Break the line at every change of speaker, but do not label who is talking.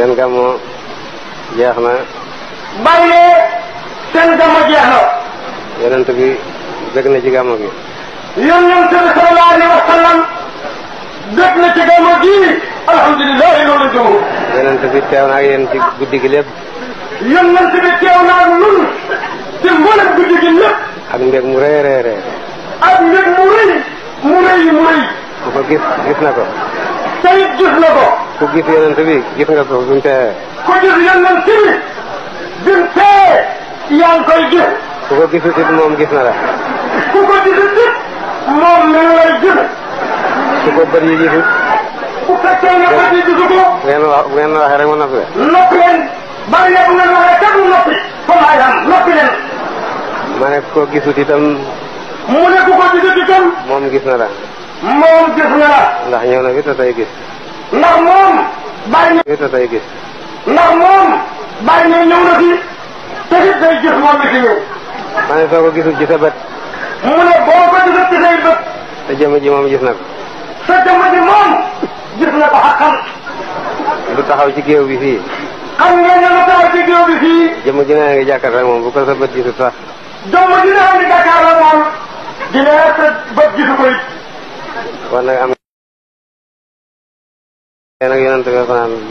seen gàmmu jeex na.
Baye ne seen jeex na.
yonent bi bëgg na ci gàmmu gi.
yonent bi sallallahu na ci gi.
alhamdulilah loolu la jëm. yonent teew na ak guddi gi lépp.
yonent bi teew na ak ñun ci guddi gi lépp.
ak mbég mu rëy rëy rëy.
ak mbég mu rëy mu rëy mu rëy.
gis gis na ko. ku gis yonent bi gis nga suuf suñ tee.
ku gis yonent bi suñ tee yaa ngi koy gis.
ku ko gisu tit moom gis na la.
ku ko gisu tit moom mi ngi lay gis. su
ko bët yi gisut.
bu fekkee ne bët yi gisu ko.
ngeen wax ngeen waxee rek ma noppi leen.
noppi leen bari yëpp ngeen waxee tegu noppi. comme ay am noppi leen.
ma ne ku ko gisut itam.
mu ne ku ko gisut itam. moom gis na la. moom gis na la.
ndax ñëw na fi te tey gis.
ndax moom bàyyi
na. te tey gis.
ndax moom. bàyyi na ñëw na fi. te it day gis moom la ci ñëw.
ma ne soo ko gisul ci sa bët.
mu ne boo ko gisul ci say bët.
sa jëmm ji moom gis na ko.
sa jëmm ji moom. gis na ko xaqal.
lu taxaw ci géew bi fii.
xam ngeen ne lu taxaw ci géew bi fii.
jëmm ji nee nga jàkkaar rek moom bu ko sa bët gisul sax.
jëmm ji nee nga jàkkaar rek moom. di ne sa bët gisu ko it. war na am. nag yonent bi ko naan